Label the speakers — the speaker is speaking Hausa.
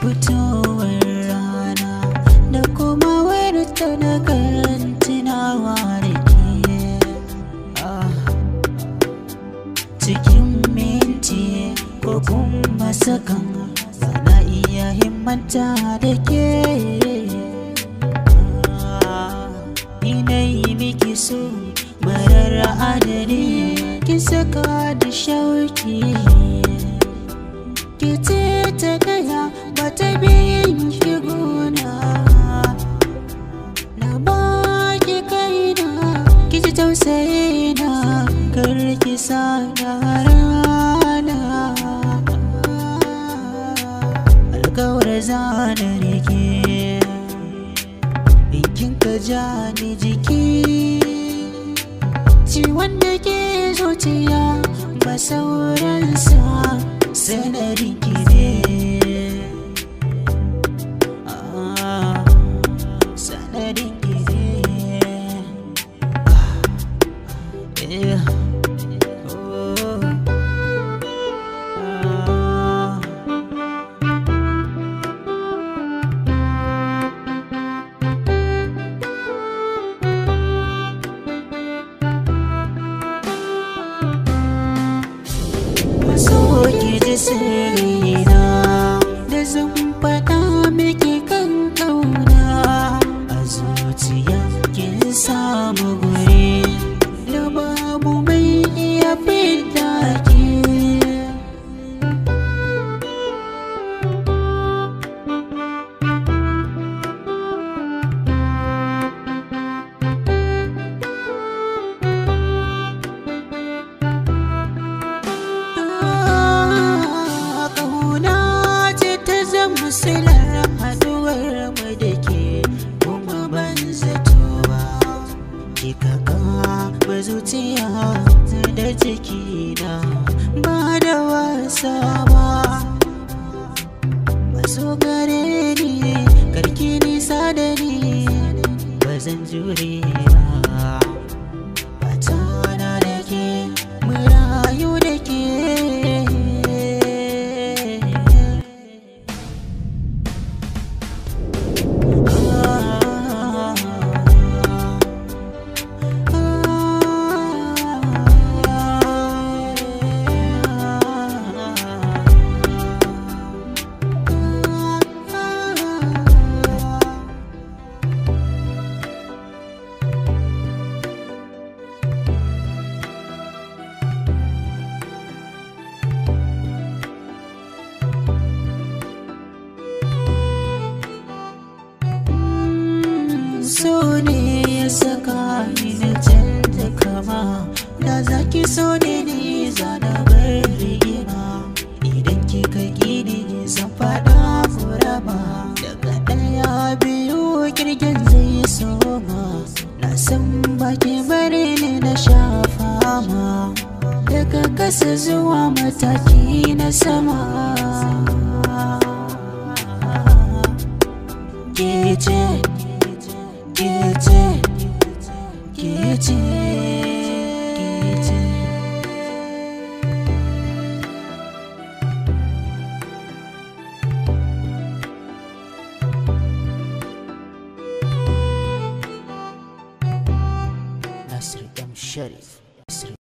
Speaker 1: fitowar rana da kuma wayar ta na babban masakan na iya himmanta da ke ah, inayi miki so marar adali ki saka da shauki ki ce ta gaya ba ta biyin ki gona na ba ki kaina ki ci tausayina kar ki sa na daura zana rike in ka ni jiki ciwon da ke zuciya ba sauransa sanarin ki soon. zuciya da jikina ba da wasa ba maso gare ni karki nisa da ni ba zan jure yi na canza kama da za ki so ne ni za na bar rigima idan ki ka gini zan faɗa furama daga ɗaya biyu kirgin zai soma na san baki bari na shafa ma daga kasa zuwa mataki na sama Sharif.